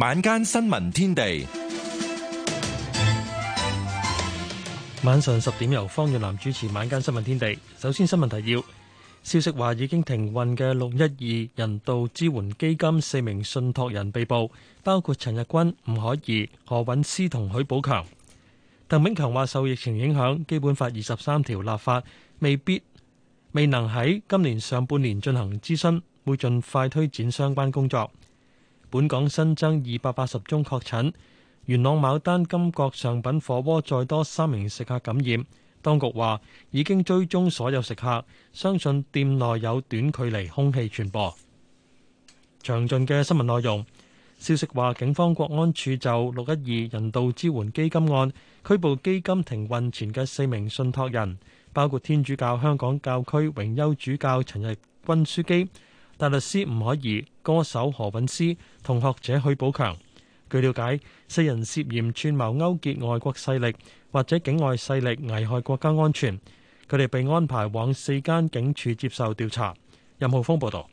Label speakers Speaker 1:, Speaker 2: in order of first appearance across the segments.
Speaker 1: 晚間新聞天地，晚上十點由方月蘭主持。晚間新聞天地，首先新聞提要：消息話已經停運嘅六一二人道支援基金四名信託人被捕，包括陳日君、吳靄儀、何韻詩同許寶強。鄧炳強話受疫情影響，基本法二十三條立法未必未能喺今年上半年進行諮詢，會盡快推展相關工作。本港新增二百八十宗確診元朗牡丹金閣上品火鍋再多三名食客感染，當局話已經追蹤所有食客，相信店內有短距離空氣傳播。詳盡嘅新聞內容，消息話警方國安處就六一二人道支援基金案拘捕基金停運前嘅四名信託人，包括天主教香港教區榮休主教陳日君樞機。大律師吳靄儀，歌手何韻詩同學者許寶強。據了解，四人涉嫌串謀勾結外國勢力或者境外勢力危害國家安全，佢哋被安排往四間警署接受調查。任浩峰報道。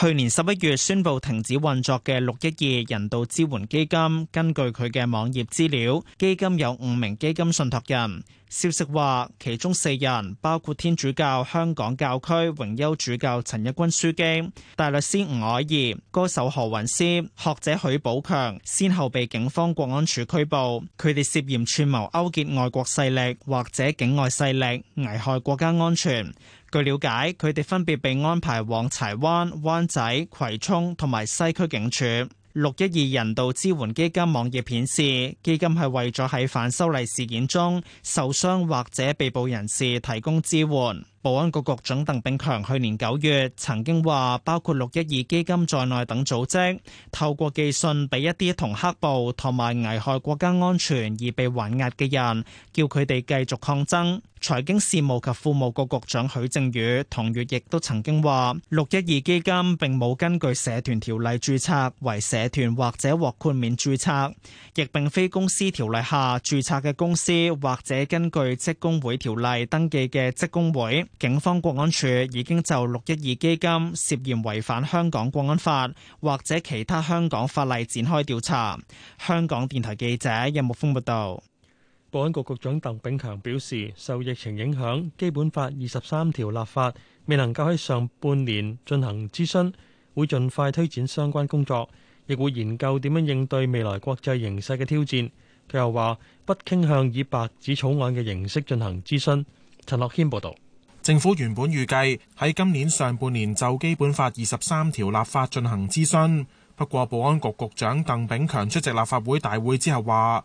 Speaker 2: 去年十一月宣布停止運作嘅六一二人道支援基金，根據佢嘅網頁資料，基金有五名基金信託人。消息話，其中四人包括天主教香港教區榮休主教陳日君樞機、大律師吳凱儀、歌手何韻詩、學者許寶強，先後被警方國安處拘捕，佢哋涉嫌串謀勾結外國勢力或者境外勢力，危害國家安全。據了解，佢哋分別被安排往柴灣、灣仔、葵涌同埋西區警署。六一二人道支援基金網頁顯示，基金係為咗喺反修例事件中受傷或者被捕人士提供支援。保安局局長鄧炳強去年九月曾經話，包括六一二基金在內等組織透過寄信俾一啲同黑暴同埋危害國家安全而被還押嘅人，叫佢哋繼續抗爭。財經事務及庫務局局長許正宇同月亦都曾經話，六一二基金並冇根據社團條例注冊為社團，或者獲豁免注冊，亦並非公司條例下注冊嘅公司，或者根據職工會條例登記嘅職工會。警方國安處已經就六一二基金涉嫌違反香港國安法或者其他香港法例展開調查。香
Speaker 1: 港電台記者任木峰報道。保安局局長鄧炳強表示，受疫情影響，基本法二十三條立法未能夠喺上半年進行諮詢，會盡快推展相關工作，亦會研究點樣應對未來國際形勢嘅挑戰。佢又話，不傾向以白紙草案嘅形式進行諮詢。
Speaker 3: 陳樂謙報道。政府原本預計喺今年上半年就《基本法》二十三條立法進行諮詢，不過保安局局長鄧炳強出席立法會大會之後話，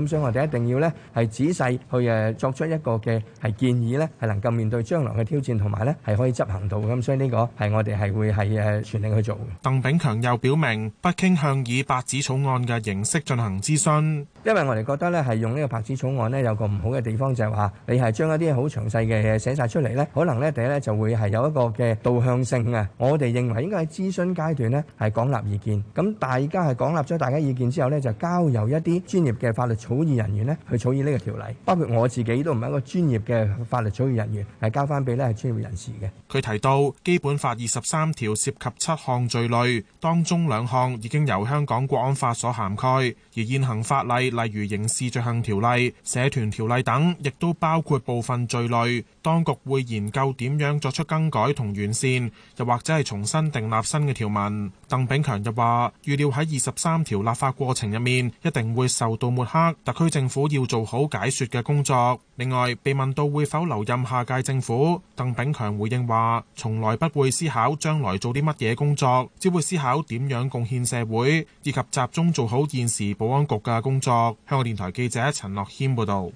Speaker 4: 咁所以我哋一定要咧係仔細去誒作出一個嘅係建議咧，係能夠面對將來嘅挑戰，同埋咧係可以執行到嘅。咁所以呢個係我哋係會係誒全力去做嘅。
Speaker 3: 鄧炳強又表明，不傾向以白紙草案嘅形式進行諮
Speaker 4: 詢，因為我哋覺得咧係用呢個白紙草案咧有個唔好嘅地方就係話，你係將一啲好詳細嘅嘢寫曬出嚟咧，可能咧第一咧就會係有一個嘅導向性啊。我哋認為應該喺諮詢階段咧係廣納意見，咁大家係廣納咗大家意見之後咧就交由一啲專業嘅法律。草擬人員呢，去草擬呢個條例，包括我自己都唔係一個專業嘅法律草擬人員，係交翻俾呢係專業人士嘅。
Speaker 3: 佢提到《基本法》二十三條涉及七項罪類，當中兩項已經由香港國安法所涵蓋。而現行法例，例如刑事罪行條例、社團條例等，亦都包括部分罪類。當局會研究點樣作出更改同完善，又或者係重新訂立新嘅條文。鄧炳強又話預料喺二十三條立法過程入面，一定會受到抹黑，特區政府要做好解說嘅工作。另外，被問到會否留任下屆政府，鄧炳強回應話從來不會思考將來做啲乜嘢工作，只會思考點樣貢獻社會以及集中做好現時保安局嘅工作。香港電台記者陳樂謙報道，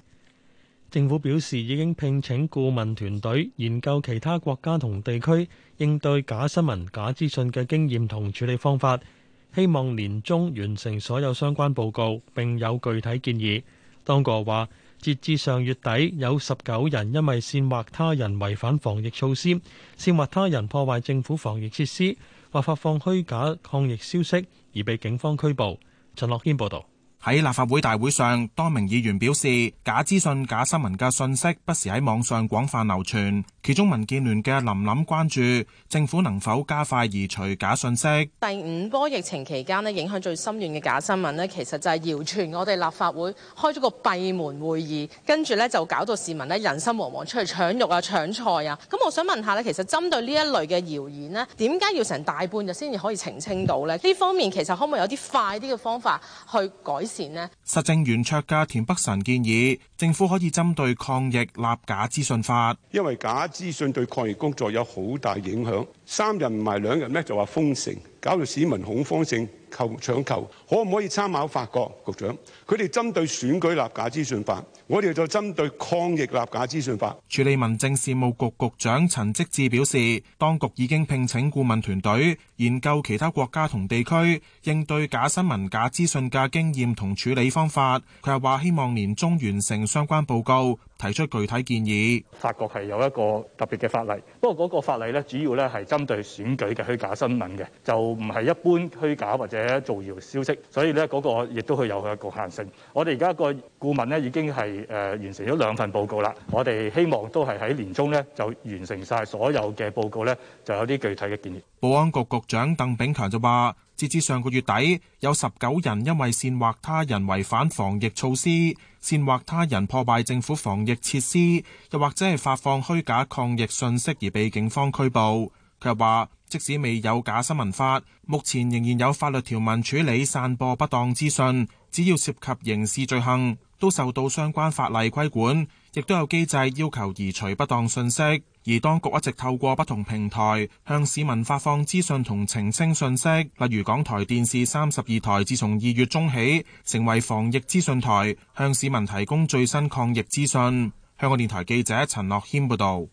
Speaker 3: 政府表示已經聘請
Speaker 1: 顧問團隊研究其他國家同地區應對假新聞、假資訊嘅經驗同處理方法，希望年終完成所有相關報告，並有具體建議。當局話，截至上月底，有十九人因為煽惑他人違反防疫措施、煽惑他人破壞政府防疫設施或
Speaker 3: 發放虛假抗疫消息而被警方拘捕。陳樂謙報道。喺立法會大會上，多名議員表示假資訊、假新聞嘅信息不時喺網上廣泛流傳。其中民建聯嘅林琳關注政府能否加快移除假信息。
Speaker 5: 第五波疫情期間呢，影響最深遠嘅假新聞呢，其實就係謠傳我哋立法會開咗個閉門會議，跟住呢就搞到市民呢，人心惶惶，出去搶肉啊、搶菜啊。咁我想問下呢，其實針對呢一類嘅謠言呢，點解要成大半日先至可以澄清到呢？呢方面其實可唔可以有啲快啲嘅方法去改善？
Speaker 3: 實政圓桌家田北辰建議，政府可以針對抗疫立假資訊法，
Speaker 6: 因為假資訊對抗疫工作有好大影響。三日唔埋兩日呢就話封城，搞到市民恐慌性購搶購，可唔可以參考法國局長？佢哋針對選舉立假資訊法，我哋就針對抗疫立假資訊法。
Speaker 3: 處理民政事務局局長陳積志表示，當局已經聘請顧問團隊研究其他國家同地區應對假新聞、假資訊嘅經驗同處理方法。佢又話希望年中完成相關報告，提出具體建議。法
Speaker 6: 國係有一個特別嘅法例，不過嗰個法例咧，主要咧係針對選舉嘅虛假新聞嘅，就唔係一般虛假或者。造謠消息，所以呢嗰個亦都佢有佢嘅局限性。我哋而家個顧問呢已經係誒、呃、完成咗兩份報告啦。我哋希望都係喺年中呢就完成晒所有嘅報告呢，就有啲具體嘅建議。
Speaker 3: 保安局局長鄧炳強就話，截至上個月底，有十九人因為煽惑他人違反防疫措施、煽惑他人破壞政府防疫設施，又或者係發放虛假抗疫訊息而被警方拘捕。就話，即使未有假新聞法，目前仍然有法律條文處理散播不當資訊，只要涉及刑事罪行，都受到相關法例規管，亦都有機制要求移除不當信息。而當局一直透過不同平台向市民發放資訊同澄清信息，例如港台電視三十二台，自從二月中起成為防疫資訊台，向市民提供最新抗疫資訊。香港電台記者陳樂軒報導。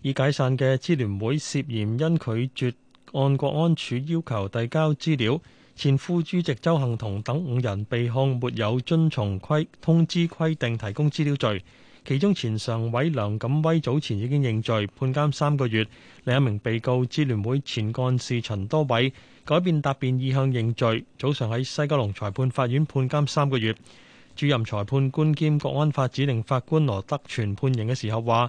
Speaker 1: 已解散嘅支聯會涉嫌因拒絕按國安處要求遞交資料，前副主席鄒幸彤等五人被控沒有遵從規通知規定提供資料罪。其中前常委梁錦威早前已經認罪，判監三個月。另一名被告支聯會前幹事陳多偉改變答辯意向認罪，早上喺西九龍裁判法院判監三個月。主任裁判官兼國安法指定法官羅德全判刑嘅時候話，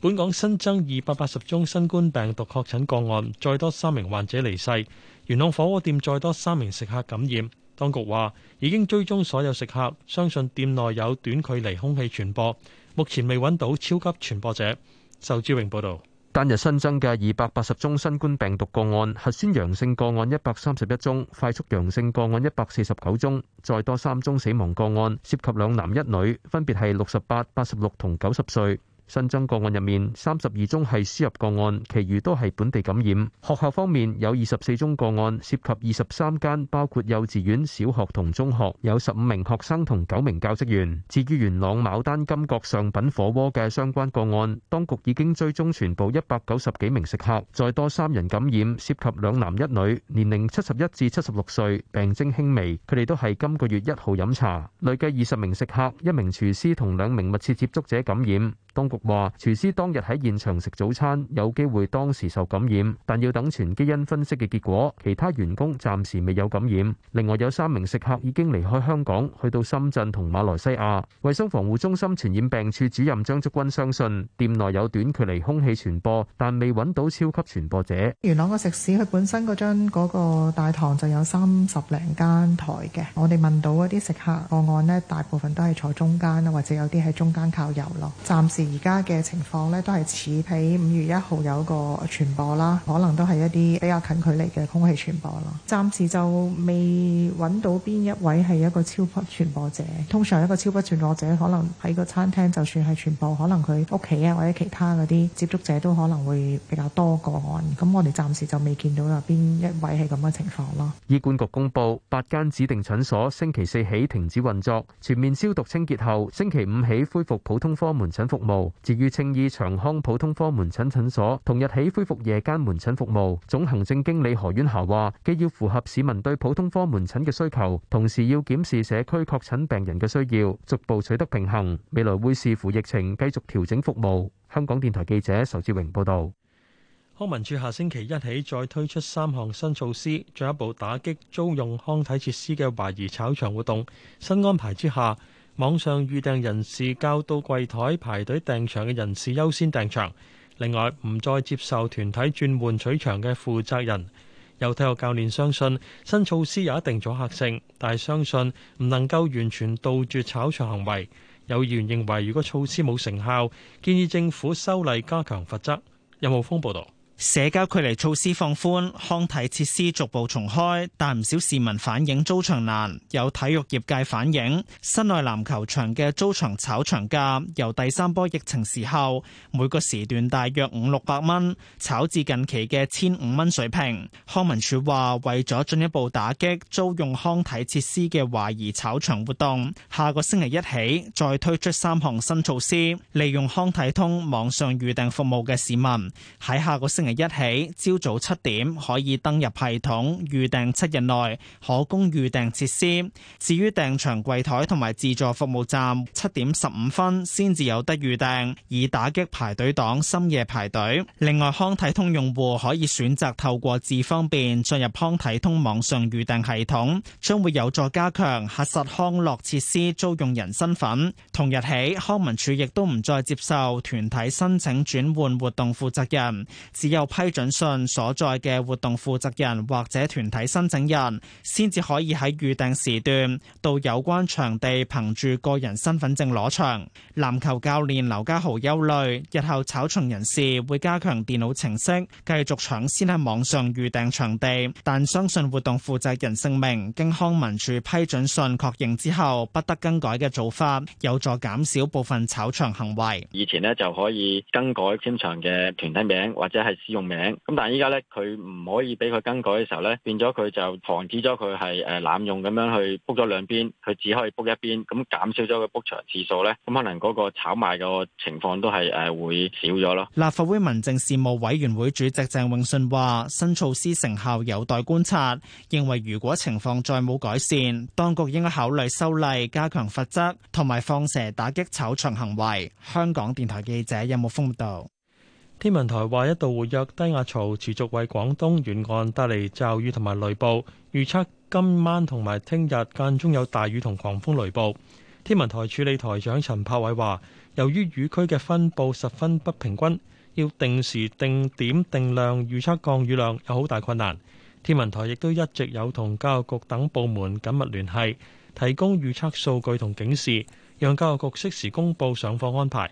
Speaker 1: 本港新增二百八十宗新冠病毒確診個案，再多三名患者離世。元朗火鍋店再多三名食客感染，當局話已經追蹤所有食客，相信店內有短距離空氣傳播，目前未揾到超級傳播
Speaker 7: 者。仇志榮報道，單日新增嘅二百八十宗新冠病毒個案，核酸陽性個案一百三十一宗，快速陽性個案一百四十九宗，再多三宗死亡個案，涉及兩男一女，分別係六十八、八十六同九十歲。新增個案入面，三十二宗係輸入個案，其餘都係本地感染。學校方面有二十四宗個案，涉及二十三間，包括幼稚園小學同中學有十五名學生同九名教職員。至於元朗牡丹金閣上品火鍋嘅相關個案，當局已經追蹤全部一百九十幾名食客，再多三人感染，涉及兩男一女，年齡七十一至七十六歲，病徵輕微。佢哋都係今個月一號飲茶，累計二十名食客、一名廚師同兩名密切接觸者感染。當局話，廚師當日喺現場食早餐，有機會當時受感染，但要等全基因分析嘅結果。其他員工暫時未有感染。另外有三名食客已經離開香港，去到深圳同馬來西亞。衛生防護中心傳染病處主任張竹君相信，店內有短距離空氣傳播，但未揾到超級傳播者。
Speaker 8: 元朗個食肆，佢本身嗰張嗰個大堂就有三十零間台嘅。我哋問到嗰啲食客個案呢，大部分都係坐中間啦，或者有啲喺中間靠右咯。暫時。而家嘅情況咧，都係似喺五月一號有個傳播啦，可能都係一啲比較近距離嘅空氣傳播咯。暫時就未揾到邊一位係一個超級傳播者。通常一個超級傳播者可能喺個餐廳，就算係傳播，可能佢屋企啊或者其他嗰啲接觸者都可能會比較多個案。咁我哋暫時就未見到有邊一位係咁嘅情況咯。
Speaker 7: 醫管局公布八間指定診所星期四起停止運作，全面消毒清潔後，星期五起恢復普，普通科門診服務。至於青衣長康普通科門診診所，同日起恢復夜間門診服務。總行政經理何婉霞話，既要符合市民對普通科門診嘅需求，同時要檢視社區確診病人嘅需要，逐步取得平衡。未來會視乎疫情繼續調整服務。香港電台記者仇志榮報道。
Speaker 1: 康文署下星期一起再推出三項新措施，進一步打擊租用康體設施嘅懷疑炒場活動。新安排之下，網上預訂人士較到櫃台排隊訂場嘅人士優先訂場，另外唔再接受團體轉換取場嘅負責人。有體育教練相信新措施有一定阻嚇性，但係相信唔能夠完全杜絕炒場行為。有議員認為如果措施冇成效，建議政府修例加強罰則。任浩峯報導。社交距離措施放寬，康體
Speaker 2: 設施逐步重開，但唔少市民反映租場難。有體育業界反映，室內籃球場嘅租場炒場價，由第三波疫情時候每個時段大約五六百蚊，炒至近期嘅千五蚊水平。康文署話，為咗進一步打擊租用康體設施嘅懷疑炒場活動，下個星期一起再推出三項新措施，利用康體通網上預訂服務嘅市民喺下個星期一起，朝早七點可以登入系統預訂七日內可供預訂設施。至於訂場櫃台同埋自助服務站，七點十五分先至有得預訂，以打擊排隊黨深夜排隊。另外，康體通用戶可以選擇透過智方便進入康體通網上預訂系統，將會有助加強核實康樂設施租用人身份。同日起，康文署亦都唔再接受團體申請轉換活動負責人。有批准信所在嘅活動負責人或者團體申請人，先至可以喺預定時段到有關場地憑住個人身份證攞場。籃球教練劉家豪憂慮，日後炒場人士會加強電腦程式，繼續搶先喺網上預訂場地。但相信活動負責人姓名經康文署批准信確認之後，不得更改嘅做法，有助減少部分炒場行為。
Speaker 9: 以前咧就可以更改簽場嘅團體名或者係用名，咁但係依家咧，佢唔可以俾佢更改嘅時候咧，變咗佢就防止咗佢係誒濫用咁樣去 book 咗兩邊，佢只可以 book 一邊，咁減少咗佢 book 場次數咧，咁可能嗰個炒賣個情況都係誒會少咗咯。
Speaker 2: 立法會民政事務委員會主席鄭永信話：新措施成效有待觀察，認為如果情況再冇改善，當局應該考慮修例加強罰則同埋放蛇打擊炒場行為。香港電台記者任木峰報
Speaker 1: 道。天文台話，一度活躍低壓槽持續為廣東沿岸帶嚟驟雨同埋雷暴，預測今晚同埋聽日間中有大雨同狂風雷暴。天文台助理台長陳柏偉話，由於雨區嘅分布十分不平均，要定時、定點、定量預測降雨量有好大困難。天文台亦都一直有同教育局等部門緊密聯繫，提供預測數據同警示，讓教育局適時公佈上課安排。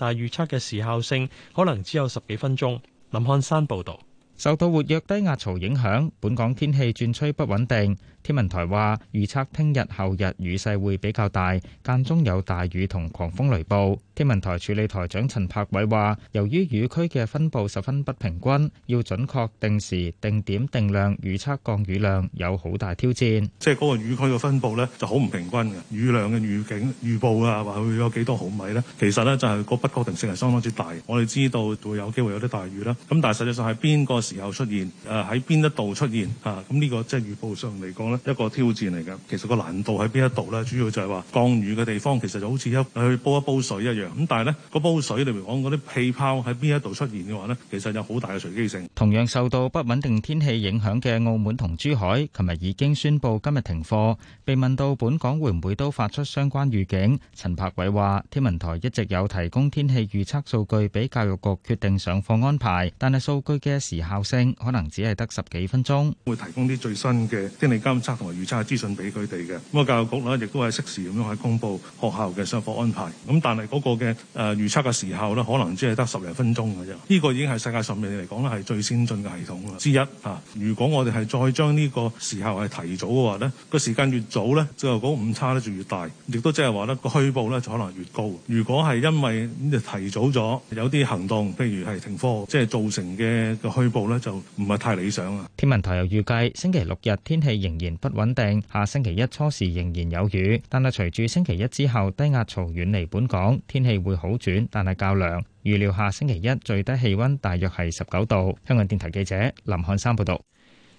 Speaker 1: 但係預測嘅時效性
Speaker 9: 可能只有十幾分鐘。林漢山報導，受到活躍低壓槽影響，本港天氣轉趨不穩定。天文台話預測聽日後日雨勢會比較大，間中有大雨同狂風雷暴。天文台助理台長陳柏偉話，由於雨區嘅分佈十分不平均，要準確定時、定點、定量預測降雨量有好大挑戰。
Speaker 6: 即係嗰個雨區嘅分佈呢就好唔平均嘅，雨量嘅預警預報啊，話佢有幾多毫米呢？其實呢，就係個不確定性係相當之大。我哋知道會有機會有啲大雨啦，咁但係實際上係邊個時候出現，誒喺邊一度出現啊？咁呢個即係預報上嚟講，一個挑戰嚟嘅，其實個難度喺邊一度咧？主要就係話降雨嘅地方，其實就好似一去煲一煲水一樣。咁但係咧，個煲水裏面講嗰啲氣泡喺邊一度出現嘅話咧，其實有好大嘅隨機性。
Speaker 9: 同樣受到不穩定天氣影響嘅澳門同珠海，琴日已經宣布今日停課。被問到本港會唔會都發出相關預警，陳柏偉話：天文台一直有提供天氣預測數據俾教育局決定上課安排，但係數據嘅時效性可能只係得十幾分鐘，
Speaker 6: 會提供啲最新嘅天氣監測同埋預測嘅資訊俾佢哋嘅，咁啊教育局咧亦都係適時咁樣去公布學校嘅上課安排。咁但係嗰個嘅誒，預測嘅時候咧，可能只係得十零分鐘嘅啫。呢個已經係世界上面嚟講咧係最先進嘅系統之一啊。如果我哋係再將呢個時候係提早嘅話咧，個時間越早咧，最後嗰個誤差咧就越大，亦都即係話咧個虛報咧就可能越高。如果係因為提早咗，有啲行動，譬如係停課，即係造成嘅個虛報咧，就唔係太理想
Speaker 9: 啊。天文台又預計星期六日天氣仍然。不穩定，下星期一初時仍然有雨，但係隨住星期一之後低壓槽遠離本港，天氣會好轉，但係較涼。預料下星期一最低氣溫大約係十九度。香港電台記者林漢山報道。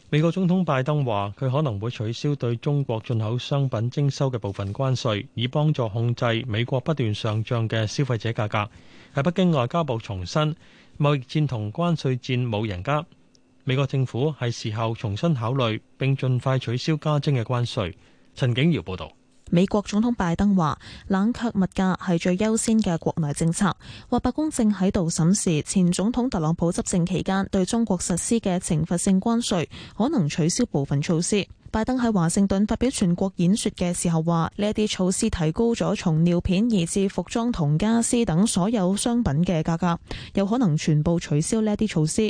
Speaker 9: 美
Speaker 1: 國總統拜登話，佢可能會取消對中國進口商品徵收嘅部分關稅，以幫助控制美國不斷上漲嘅消費者價格。喺北京，外交部重申，貿易戰同關稅戰冇人急。美國政府係時候重新考慮，並盡快取消加徵嘅關稅。陳景瑤報道，
Speaker 8: 美國總統拜登話，冷卻物價係最優先嘅國內政策。話白宮正喺度審視前總統特朗普執政期間對中國實施嘅懲罰性關稅，可能取消部分措施。拜登喺華盛頓發表全國演說嘅時候話：呢一啲措施提高咗從尿片以至服裝同家私等所有商品嘅價格，有可能全部取消呢一啲措施。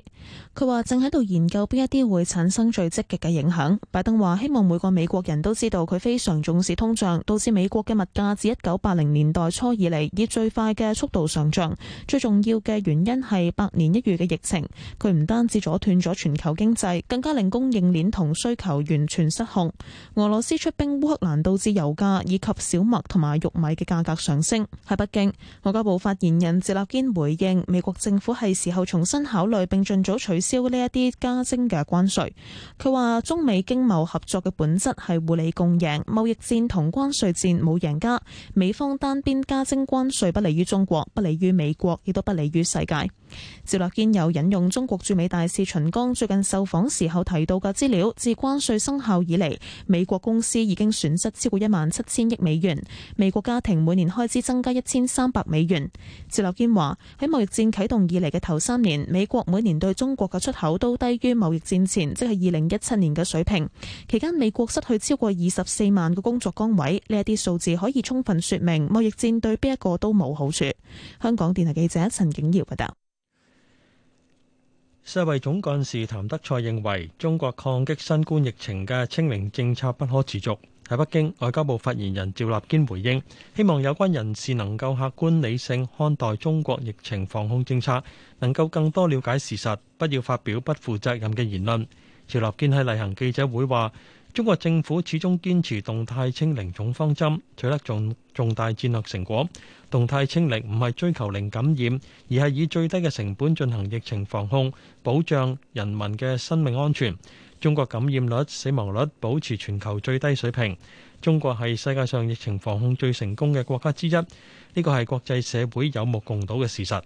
Speaker 8: 佢話正喺度研究邊一啲會產生最積極嘅影響。拜登話：希望每個美國人都知道佢非常重視通脹，導致美國嘅物價自一九八零年代初以嚟以最快嘅速度上漲。最重要嘅原因係百年一遇嘅疫情。佢唔單止阻斷咗全球經濟，更加令供應鏈同需求完全失控。俄羅斯出兵烏克蘭，導致油價以及小麥同埋玉米嘅價格上升。喺北京，外交部發言人趙立堅回應，美國政府係時候重新考慮並盡早取消呢一啲加徵嘅關稅。佢話，中美經貿合作嘅本質係互利共贏，貿易戰同關稅戰冇贏家。美方單邊加徵關稅，不利於中國，不利於美國，亦都不利於世界。趙立堅又引用中國駐美大使秦剛最近受訪時候提到嘅資料，自關稅生效以嚟，美國公司已經損失超過一萬七千億美元，美國家庭每年開支增加一千三百美元。趙立堅話：喺貿易戰啟動以嚟嘅頭三年，美國每年對中國嘅出口都低於貿易戰前，即係二零一七年嘅水平。期間美國失去超過二十四萬個工作崗位，呢一啲數字可以充分說明貿易戰對邊一個都冇好處。香港電台記者陳景堯報道。
Speaker 1: 世衛總幹事譚德賽認為，中國抗擊新冠疫情嘅清零政策不可持續。喺北京，外交部發言人趙立堅回應：希望有關人士能夠客觀理性看待中國疫情防控政策，能夠更多了解事實，不要發表不負責任嘅言論。趙立堅喺例行記者會話：中國政府始終堅持動態清零總方針，取得重重大戰略成果。動態清零唔係追求零感染，而係以最低嘅成本進行疫情防控，保障人民嘅生命安全。中國感染率、死亡率保持全球最低水平。中國係世界上疫情防控最成功嘅國家之一，呢個係國際社會有目共睹嘅事實。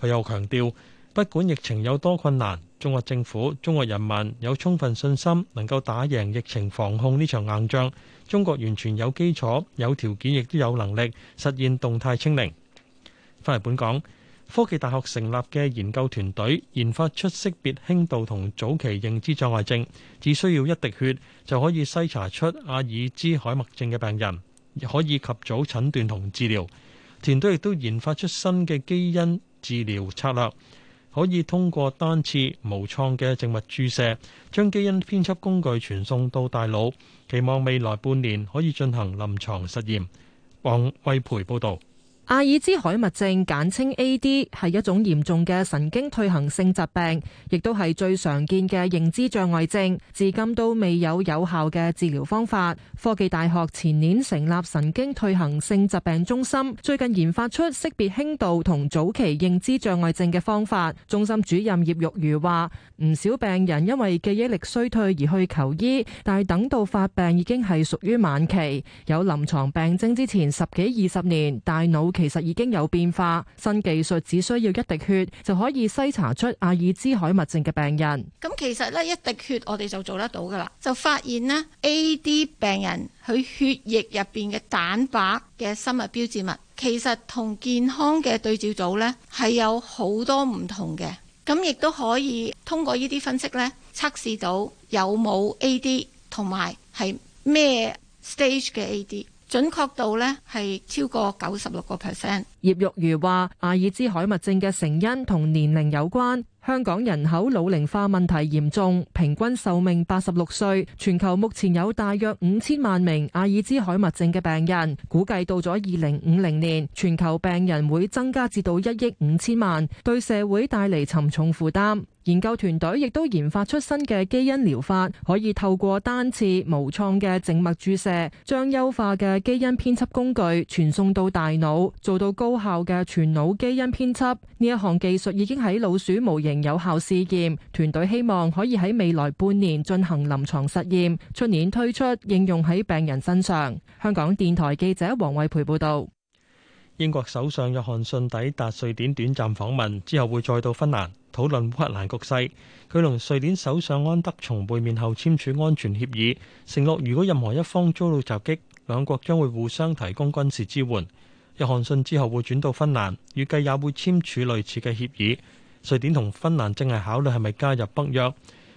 Speaker 1: 佢又強調，不管疫情有多困難，中國政府、中國人民有充分信心能夠打贏疫情防控呢場硬仗。中國完全有基礎、有條件，亦都有能力實現動態清零。翻嚟本港，科技大學成立嘅研究團隊研發出識別輕度同早期認知障礙症，只需要一滴血就可以篩查出阿爾茲海默症嘅病人，亦可以及早診斷同治療。團隊亦都研發出新嘅基因治療策略。可以通過單次無創嘅靜脈注射，將基因編輯工具傳送到大腦，期望未來半年可以進行臨床實驗。王惠培報導。
Speaker 5: 阿爾茲海默症簡稱 AD 係一種嚴重嘅神經退行性疾病，亦都係最常見嘅認知障礙症，至今都未有有效嘅治療方法。科技大學前年成立神經退行性疾病中心，最近研發出識別輕度同早期認知障礙症嘅方法。中心主任葉玉如話，唔少病人因為記憶力衰退而去求醫，但係等到發病已經係屬於晚期，有臨床病徵之前十幾二十年大腦。其實已經有變化，新技術只需要一滴血就可以篩查出阿爾茲海默症嘅病人。
Speaker 10: 咁其實呢，一滴血我
Speaker 11: 哋就做得到噶啦，就發現呢 A D 病人佢血液入邊嘅蛋白嘅生物標誌物，其實同健康嘅對照組呢係有好多唔同嘅。咁亦都可以通過呢啲分析呢，測試到有冇 A D 同埋係咩 stage 嘅 A D。準確度呢係超過九十六個 percent。
Speaker 5: 葉玉如話，阿爾茲海默症嘅成因同年齡有關。香港人口老齡化問題嚴重，平均壽命八十六歲。全球目前有大約五千萬名阿爾茲海默症嘅病人，估計到咗二零五零年，全球病人會增加至到一億五千萬，對社會帶嚟沉重負擔。研究團隊亦都研發出新嘅基因療法，可以透過單次無創嘅靜脈注射，將優化嘅基因編輯工具傳送到大腦，做到高效嘅全腦基因編輯。呢一項技術已經喺老鼠模型有效試驗，團隊希望可以喺未來半年進行臨床實驗，出年推出應用喺病人身上。香港電台記者黃惠培報道。
Speaker 1: 英國首相約翰遜抵達瑞典短暫訪問之後，會再到芬蘭討論烏克蘭局勢。佢同瑞典首相安德松會面後簽署安全協議，承諾如果任何一方遭到襲擊，兩國將會互相提供軍事支援。約翰遜之後會轉到芬蘭，預計也會簽署類似嘅協議。瑞典同芬蘭正係考慮係咪加入北約。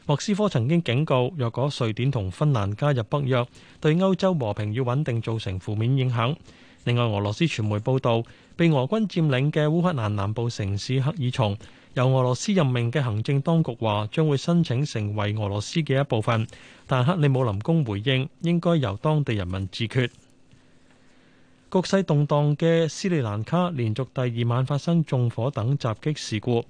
Speaker 1: 莫斯科曾經警告，若果瑞典同芬蘭加入北約，對歐洲和平與穩定造成負面影響。另外，俄羅斯傳媒報道，被俄軍佔領嘅烏克蘭南部城市赫爾松，由俄羅斯任命嘅行政當局話，將會申請成為俄羅斯嘅一部分。但克里姆林宮回應，應該由當地人民自決。局勢動盪嘅斯里蘭卡，連續第二晚發生縱火等襲擊事故，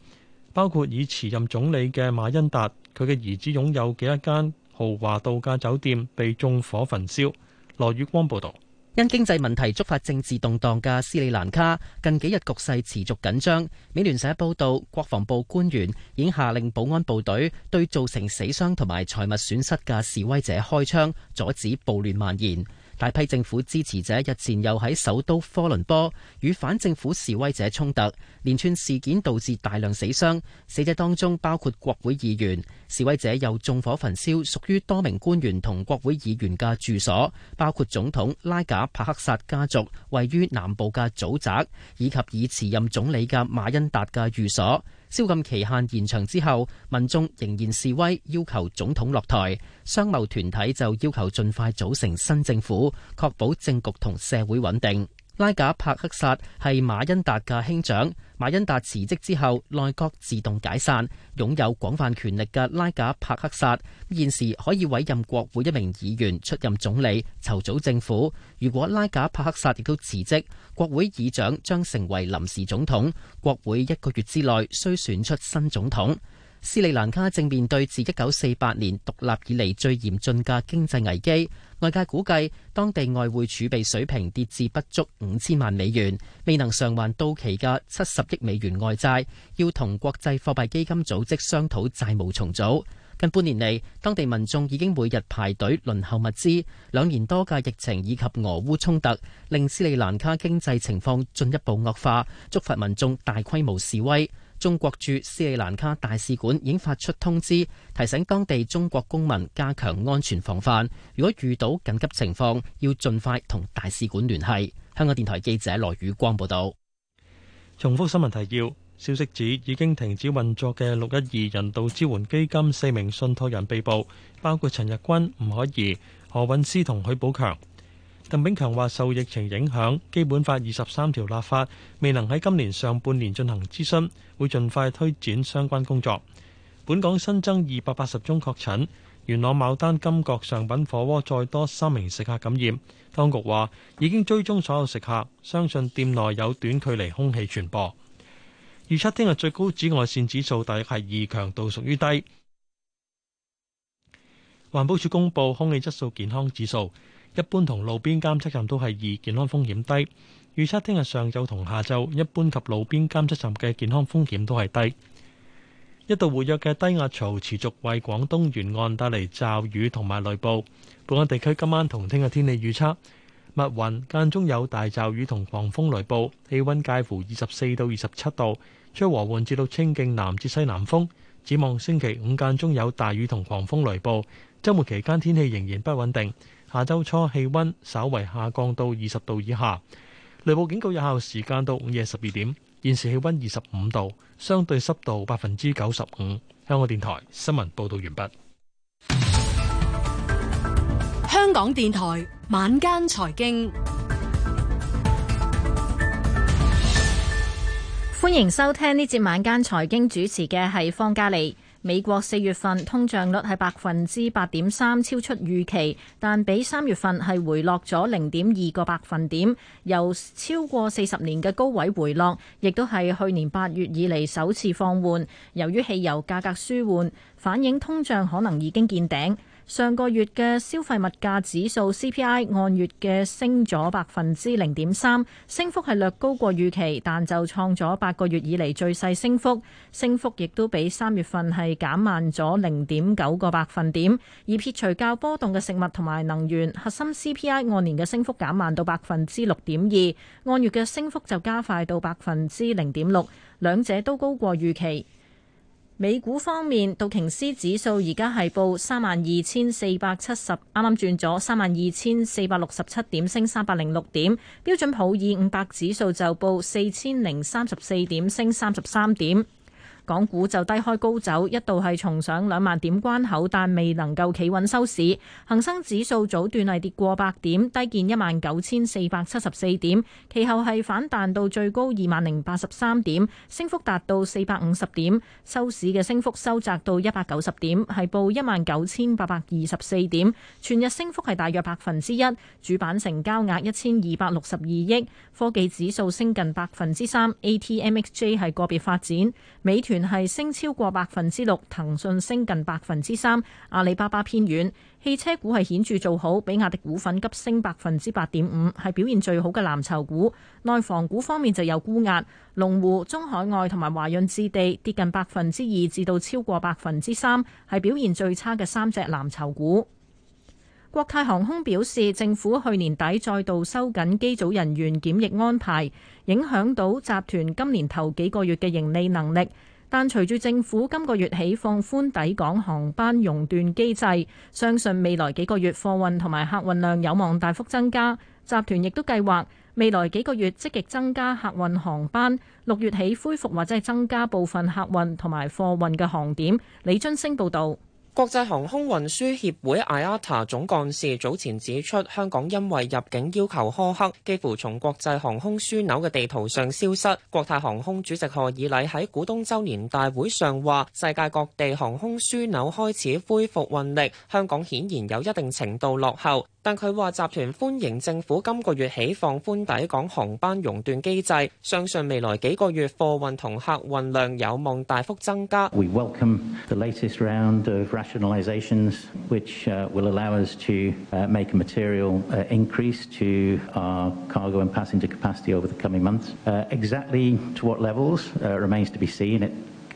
Speaker 1: 包括已辭任總理嘅馬欣達，佢嘅兒子擁有嘅一
Speaker 12: 間豪華度假酒店被縱火焚燒。羅月光報導。因經濟問題觸發政治動盪嘅斯里蘭卡，近幾日局勢持續緊張。美聯社報道，國防部官員已經下令保安部隊對造成死傷同埋財物損失嘅示威者開槍，阻止暴亂蔓延。大批政府支持者日前又喺首都科倫坡與反政府示威者衝突，連串事件導致大量死傷，死者當中包括國會議員。示威者又縱火焚燒屬於多名官員同國會議員嘅住所，包括總統拉賈帕克薩家族位於南部嘅祖宅，以及已辭任總理嘅馬欣達嘅寓所。宵禁期限延長之後，民眾仍然示威，要求總統落台。商貿團體就要求盡快組成新政府，確保政局同社會穩定。拉賈帕克薩係馬欣達嘅兄長，馬欣達辭職之後，內閣自動解散。擁有廣泛權力嘅拉賈帕克薩現時可以委任國會一名議員出任總理，籌組政府。如果拉賈帕克薩亦都辭職，國會議長將成為臨時總統，國會一個月之內需選出新總統。斯里蘭卡正面對自一九四八年獨立以嚟最嚴峻嘅經濟危機。外界估計，當地外匯儲備水平跌至不足五千萬美元，未能償還到期嘅七十億美元外債，要同國際貨幣基金組織商討債務重組。近半年嚟，當地民眾已經每日排隊輪候物資，兩年多嘅疫情以及俄烏衝突，令斯里蘭卡經濟情況進一步惡化，觸發民眾大規模示威。中國駐斯里蘭卡大使館已經發出通知，提醒當地中國公民加強安全防範。如果遇到緊急情況，要盡快同大使館聯繫。香港電台記者羅宇光報道。重複新聞提要：消息
Speaker 1: 指已經停止運作嘅六一二人道支援基金四名信託人被捕，包括陳日君、吳靄儀、何韻詩同許寶強。鄧炳強話：受疫情影響，《基本法》二十三條立法未能喺今年上半年進行諮詢，會盡快推展相關工作。本港新增二百八十宗確診，元朗牡丹金閣上品火鍋再多三名食客感染，當局話已經追蹤所有食客，相信店內有短距離空氣傳播。預測聽日最高紫外線指數大約係二強度，屬於低。環保署公布空氣質素健康指數。一般同路邊監測站都係二，健康風險低。預測聽日上晝同下晝一般及路邊監測站嘅健康風險都係低。一道活躍嘅低壓槽持續為廣東沿岸帶嚟驟雨同埋雷暴。本港地區今晚同聽日天氣預測：密雲間中有大驟雨同狂風雷暴，氣溫介乎二十四到二十七度，吹和緩至到清勁南至西南風。展望星期五間中有大雨同狂風雷暴，週末期間天氣仍然不穩定。下周初氣溫稍為下降到二十度以下，雷暴警告有效時間到午夜十二點。現時氣溫二十五度，相對濕度百分之九十五。香港電台新聞報道完畢。
Speaker 10: 香港電台晚間財經，歡迎收聽呢節
Speaker 11: 晚間財經，主持嘅係方嘉利。美國四月份通脹率係百分之八點三，超出預期，但比三月份係回落咗零點二個百分點，由超過四十年嘅高位回落，亦都係去年八月以嚟首次放緩。由於汽油價格舒緩，反映通脹可能已經見頂。上個月嘅消費物價指數 CPI 按月嘅升咗百分之零點三，升幅係略高過預期，但就創咗八個月以嚟最細升幅。升幅亦都比三月份係減慢咗零點九個百分點。而撇除較波動嘅食物同埋能源，核心 CPI 按年嘅升幅減慢到百分之六點二，按月嘅升幅就加快到百分之零點六，兩者都高過預期。美股方面，道瓊斯指數，而家係報三萬二千四百七十，啱啱轉咗三萬二千四百六十七點，升三百零六點。標準普爾五百指數就報四千零三十四點，升三十三點。港股就低開高走，一度係重上兩萬點關口，但未能夠企穩收市。恒生指數早段係跌過百點，低見一萬九千四百七十四點，其後係反彈到最高二萬零八十三點，升幅達到四百五十點，收市嘅升幅收窄到一百九十點，係報一萬九千八百二十四點，全日升幅係大約百分之一。主板成交額一千二百六十二億，科技指數升近百分之三，ATMXJ 係個別發展，美團。全係升超過百分之六，騰訊升近百分之三，阿里巴巴偏軟。汽車股係顯著做好，比亞迪股份急升百分之八點五，係表現最好嘅藍籌股。內房股方面就有沽壓，龍湖、中海外同埋華潤置地跌近百分之二至到超過百分之三，係表現最差嘅三隻藍籌股。國泰航空表示，政府去年底再度收緊機組人員檢疫安排，影響到集團今年頭幾個月嘅盈利能力。但隨住政府今個月起放寬抵港航班熔斷機制，相信未來幾個月貨運同埋客運量有望大幅增加。集團亦都計劃未來幾個月積極增加客運航班，六月起恢復或者係增加部分客運同埋貨運嘅航點。李津升報導。國際航空運輸
Speaker 13: 協會 IATA 總幹事早前指出，香港因為入境要求苛刻，幾乎從國際航空樞紐嘅地圖上消失。國泰航空主席賀以禮喺股東周年大會上話，世界各地航空樞紐開始恢復運力，香港顯然有一定程度落後。但佢話：集團歡迎政府今個月起放寬抵港航班熔斷機制，相信未來幾個月貨運同客運量有望大幅增加。
Speaker 9: We welcome the latest round of rationalizations, which will allow us to make a material increase to our cargo and passenger capacity over the coming months. Exactly to what levels remains to be seen.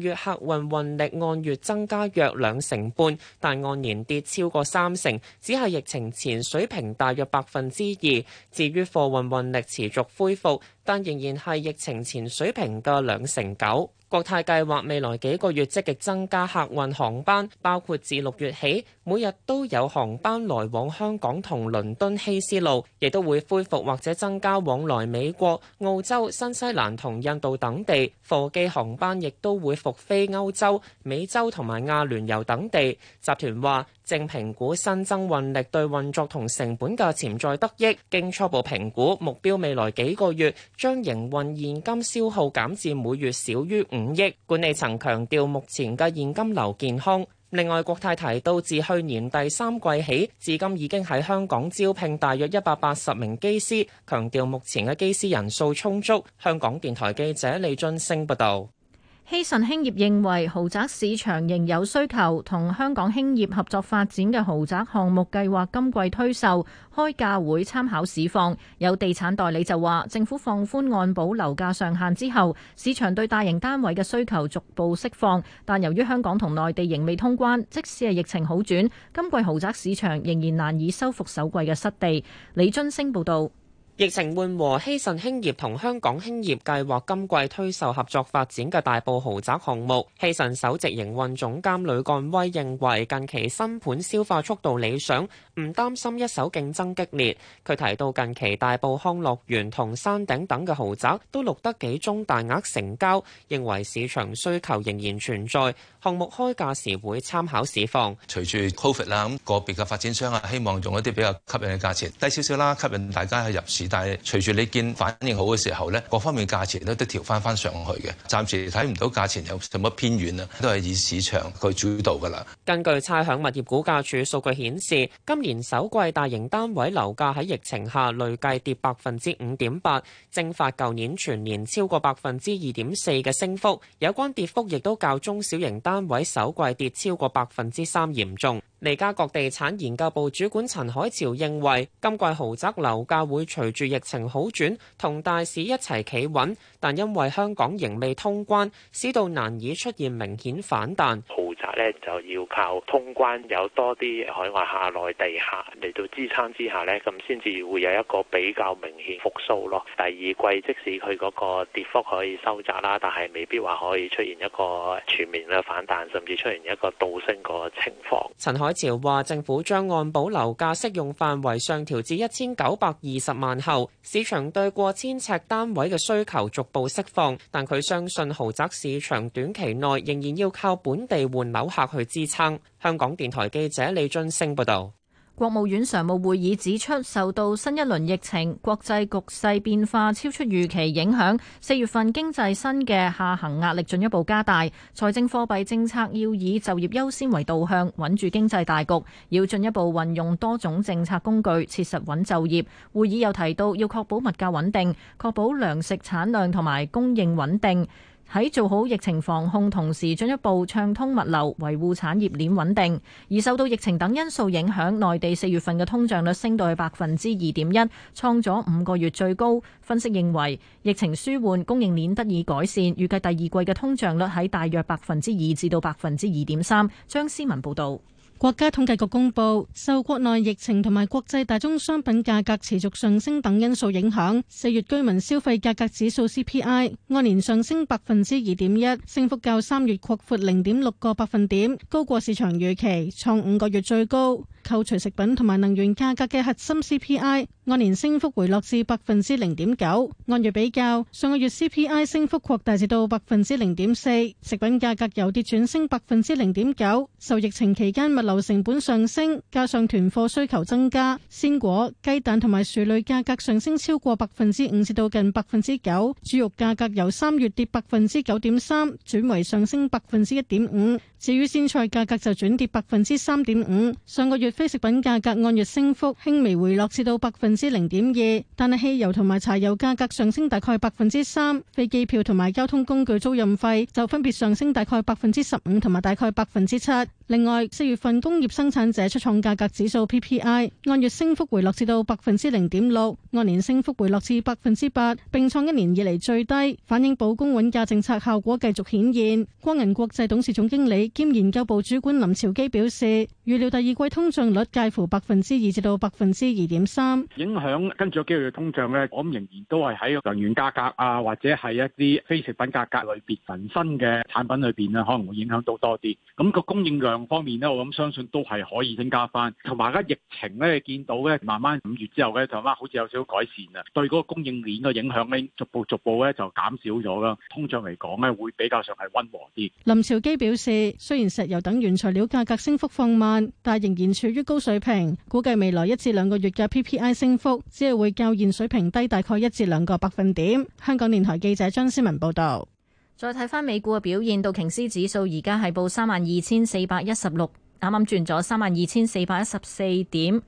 Speaker 13: 月客運運力按月增加約兩成半，但按年跌超過三成，只係疫情前水平大約百分之二。至於貨運運力持續恢復。但仍然係疫情前水平嘅兩成九。國泰計劃未來幾個月積極增加客運航班，包括自六月起每日都有航班來往香港同倫敦希斯路，亦都會恢復或者增加往來美國澳洲、新西蘭同印度等地貨機航班，亦都會復飛歐洲、美洲同埋亞聯酋等地。集團話。正評估新增運力對運作同成本嘅潛在得益，經初步評估目標未來幾個月將營運現金消耗減至每月少於五億，管理層強調目前嘅現金流健康。另外，國泰提到自去年第三季起至今已經喺香港招聘大約一百八十名機師，強調目前嘅機師人數充足。香港電台記者李俊升報道。
Speaker 11: 希慎興業認為豪宅市場仍有需求，同香港興業合作發展嘅豪宅項目計劃今季推售，開價會參考市況。有地產代理就話，政府放寬按保樓價上限之後，市場對大型單位嘅需求逐步釋放，但由於香港同內地仍未通關，即使係疫情好轉，今季豪宅市場仍然難以收復首季嘅失地。李津聲報道。疫情
Speaker 13: 緩和，希慎興業同香港興業計劃今季推售合作發展嘅大埔豪宅項目。希慎首席營運總監呂幹威認為，近期新盤消化速度理想，唔擔心一手競爭激烈。佢提到近期大埔康樂園同山頂等嘅豪宅都錄得幾宗大額成交，認為市場需求仍然存在。項目開價時會參考市況。隨住 COVID 啦，咁個別嘅發展商啊，希望用一啲比較吸引嘅價錢，低少少啦，吸引大家去入市。但係隨
Speaker 7: 住你見反應好嘅時候呢，各方面價錢都都調翻翻上去嘅。暫時睇唔到價錢有什麼偏遠啊，都係以市場去主導㗎啦。
Speaker 13: 根據差餉物業估價署數據顯示，今年首季大型單位樓價喺疫情下累計跌百分之五點八，蒸發舊年全年超過百分之二點四嘅升幅。有關跌幅亦都較中小型單位首季跌超過百分之三嚴重。利嘉閣地產研究部主管陳海潮認為，今季豪宅樓價會隨住疫情好轉，同大市一齊企穩，但因為香港仍未通關，使到難以出現明顯反彈。豪
Speaker 1: 宅呢，就要靠通關有多啲海外下內地客嚟到支撐之下呢，咁先至會有一個比較明顯復甦咯。第二季即使佢嗰個跌幅可以收窄啦，但係未必話可以出現一個全面嘅反彈，甚至出現一個倒升個情況。
Speaker 13: 陳海海潮話：政府將按保樓價適用範圍上調至一千九百二十萬後，市場對過千尺單位嘅需求逐步釋放，但佢相信豪宅市場短期內仍然要靠本地換樓客去支撐。香港電台記者李進昇報道。
Speaker 11: 國務院常務會議指出，受到新一輪疫情、國際局勢變化超出預期影響，四月份經濟新嘅下行壓力進一步加大。財政貨幣政策要以就業優先為導向，穩住經濟大局，要進一步運用多種政策工具，切實穩就業。會議又提到，要確保物價穩定，確保糧食產量同埋供應穩定。喺做好疫情防控同時，進一步暢通物流，維護產業鏈穩定。而受到疫情等因素影響，內地四月份嘅通脹率升到去百分之二點一，創咗五個月最高。分析認為疫情舒緩，供應鏈得以改善，預計第二季嘅通脹率喺
Speaker 10: 大約百分之二至到百分之二點三。張思文報道。國家統計局公布，受國內疫情同埋國際大宗商品價格持續上升等因素影響，四月居民消費價格指數 CPI 按年上升百分之二點一，升幅較三月擴闊零點六個百分點，高過市場預期，創五個月最高。扣除食品同埋能源價格嘅核心 CPI 按年升幅回落至百分之零點九，按月比較，上個月 CPI 升幅擴大至到百分之零點四，食品價格由跌轉升百分之零點九，受疫情期間物流成本上升，加上囤貨需求增加，鮮果、雞蛋同埋薯類價格上升超過百分之五，至到近百分之九。豬肉價格由三月跌百分之九點三，轉為上升百分之一點五。至於鮮菜價格就轉跌百分之三點五。上個月非食品價格按月升幅輕微回落至到百分之零點二。但係汽油同埋柴油價格上升大概百分之三，飛機票同埋交通工具租賃費就分別上升大概百分之十五同埋大概百分之七。另外，四月份工業生產者出廠價格指數 PPI 按月升幅回落至到百分之零點六，按年升幅回落至百分之八，並創一年以嚟最低，反映保供穩價政策效果繼續顯現。光銀國際董事總經理兼研究部主管林朝基表示，預料第二季通脹率介乎百分之二至到百分之二點三。
Speaker 7: 影響跟住個機會嘅通脹呢，我諗仍然都係喺能源價格啊，或者係一啲非食品價格裏邊，新嘅產品裏邊咧，可能會影響到多啲。咁個供應量。方面呢，我咁相信都係可以增加翻。同埋而家疫情咧，見到咧，慢慢五月之後咧，就慢好似有少少改善啊，對嗰個供應鏈嘅影響咧，逐步逐步咧就減少咗啦。通脹嚟講咧，
Speaker 6: 會比較上係溫和
Speaker 10: 啲。林兆基表示，雖然石油等原材料價格升幅放慢，但仍然處於高水平。估計未來一至兩個月嘅 PPI 升幅，只係會較現水平低大概一至兩個百分點。香港電台記者張思文報道。
Speaker 11: 再睇翻美股嘅表現，道瓊斯指數而家係報三萬二千四百一十六，啱啱轉咗三萬二千四百一十四點，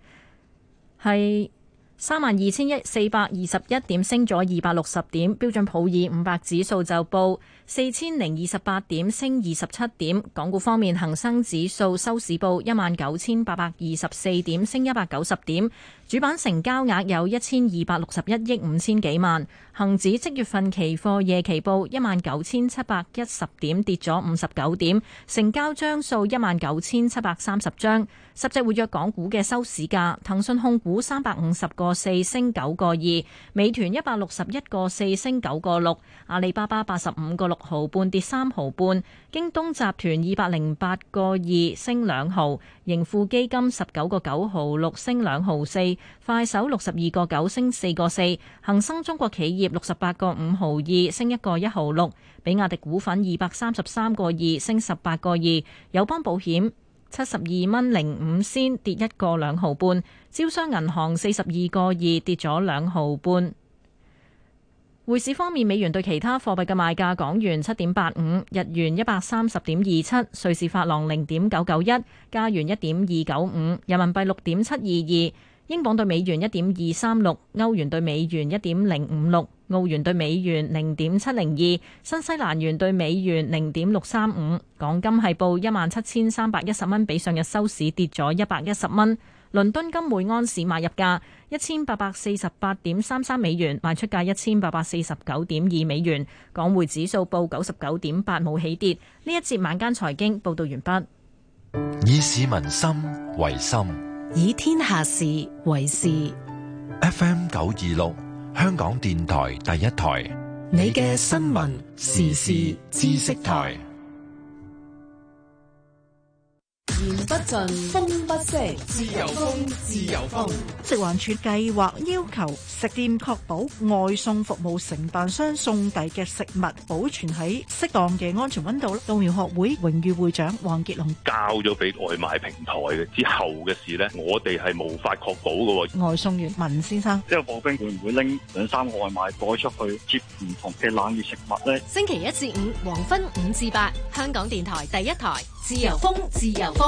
Speaker 11: 係三萬二千四百二十一點，升咗二百六十點。標準普爾五百指數就報四千零二十八點升二十七點，港股方面，恒生指數收市報一萬九千八百二十四點，升一百九十點，主板成交額有一千二百六十一億五千幾萬。恒指即月份期貨夜期報一萬九千七百一十點，跌咗五十九點，成交張數一萬九千七百三十張。十隻活躍港股嘅收市價，騰訊控股三百五十個四升九個二，美團一百六十一個四升九個六，阿里巴巴八十五個六。六毫半跌三毫半，京東集團二百零八個二升兩毫，盈富基金十九個九毫六升兩毫四，快手六十二個九升四個四，恒生中國企業六十八個五毫二升一個一毫六，比亞迪股份二百三十三個二升十八個二，友邦保險七十二蚊零五仙跌一個兩毫半，招商銀行四十二個二跌咗兩毫半。匯市方面，美元對其他貨幣嘅賣價：港元七點八五，日元一百三十點二七，瑞士法郎零點九九一，加元一點二九五，人民幣六點七二二，英鎊對美元一點二三六，歐元對美元一點零五六，澳元對美元零點七零二，新西蘭元對美元零點六三五。港金係報一萬七千三百一十蚊，比上日收市跌咗一百一十蚊。倫敦金每安士買入價一千八百四十八點三三美元，賣出價一千八百四十九點二美元。港匯指數報九十九點八，冇起跌。呢一節晚間財經報道完畢。
Speaker 14: 以市民心為心，
Speaker 10: 以天下事為事。
Speaker 14: FM 九二六，香港電台第一台，
Speaker 10: 你嘅新聞時事
Speaker 3: 知識台。
Speaker 8: 言不盡，風不息，
Speaker 11: 自由風，自由風。食環署計劃要求食店確保外送服務承辦商送遞嘅食物保存喺適當嘅安全溫度
Speaker 8: 啦。道苗學會榮譽會長黃傑龍，
Speaker 6: 交咗俾外賣平台嘅之後嘅事呢，我哋係無法確保㗎喎。
Speaker 8: 外送員文先生，
Speaker 6: 即係貨兵，會唔會拎兩三個外賣袋出去接唔同嘅冷熱食物呢？
Speaker 10: 星期一至五黃昏五至八，香港電台第一台，自由風，自由風。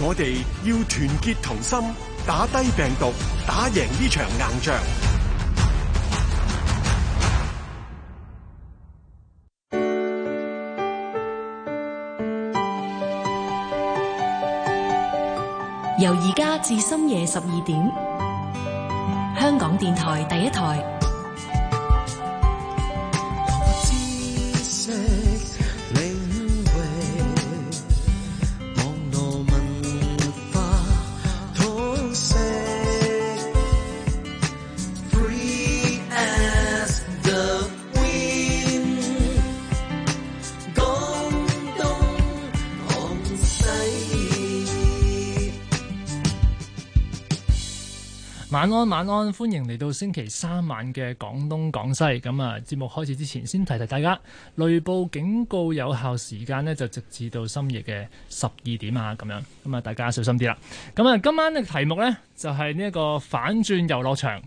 Speaker 3: 我哋要團結同心，打低病毒，打贏呢場硬仗。
Speaker 11: 由而家至深夜十二點，香港電台第一台。
Speaker 14: 晚安，晚安！歡迎嚟到星期三晚嘅廣東廣西。咁啊，節目開始之前，先提提大家雷暴警告有效時間呢，就直至到深夜嘅十二點啊，咁樣。咁啊，大家小心啲啦。咁啊，今晚嘅題目呢，就係呢一個反轉遊樂場。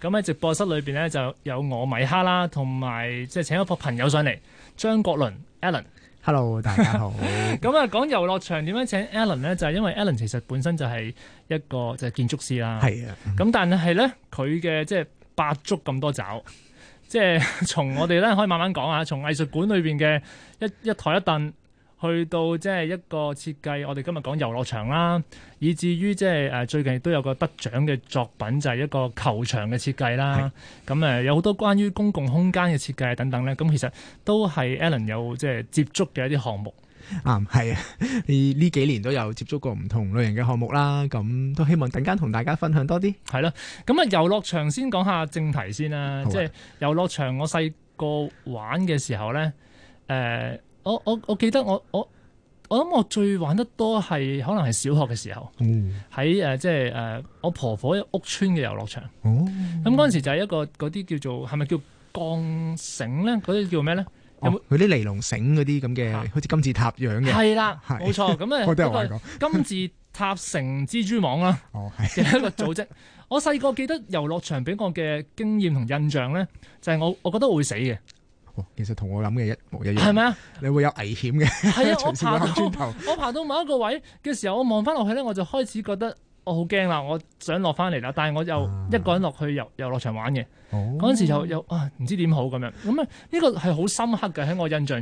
Speaker 14: 咁喺直播室裏邊呢，就有我米哈啦，同埋即係請咗個朋友上嚟，張國倫 Alan。Hello，大家好。咁啊， 講遊樂場點樣請 Alan 咧，就係、是、因為 Alan 其實本身就係一個即係建築師啦。係啊的，咁、嗯、哼但係咧佢嘅即係八足咁多爪，即係從我哋咧可以慢慢講下，從藝術館裏邊嘅一一台一凳。去到即係一個設計，我哋今日講遊樂場啦，以至於即係誒最近都有個得獎嘅作品，就係、是、一個球場嘅設計啦。咁誒是、嗯、有好多關於公共空間嘅設計等等咧，咁其實都係 Alan 有即係接觸嘅一啲項目。嗯、啊，係啊，呢幾年都有接觸過唔同類型嘅項目啦。咁、嗯、都希望等陣同大家分享多啲。係咯、啊，咁啊遊樂場先講下正題先啦、啊。啊、即係遊樂場，我細個玩嘅時候咧，誒、呃。我我我記得我我我諗我最玩得多係可能係小學嘅時候，喺誒、哦呃、即係誒、呃、我婆婆屋邨嘅遊樂場。咁嗰陣時就係一個嗰啲叫做係咪叫鋼繩咧？嗰啲叫咩咧？有冇嗰啲尼龍繩嗰啲咁嘅，好似金字塔樣嘅？係啦，冇錯。咁咧，一個金字塔成蜘蛛網啦。哦，係一個組織。 哦、我細個記得遊樂場俾我嘅經驗同印象咧，就係、是、我我覺得我會死嘅。
Speaker 4: 其實同我諗嘅一模一
Speaker 14: 樣，係咪啊？你會有危險嘅，係啊的！我爬到某一個位嘅時候，我望翻落去咧，我就開始覺得我好驚啦，我想落翻嚟啦。但係我又一個人去、嗯、落去遊遊樂
Speaker 5: 場玩嘅，嗰陣、哦、時就又啊唔知點好咁樣。咁啊呢個係好深刻嘅喺我印象。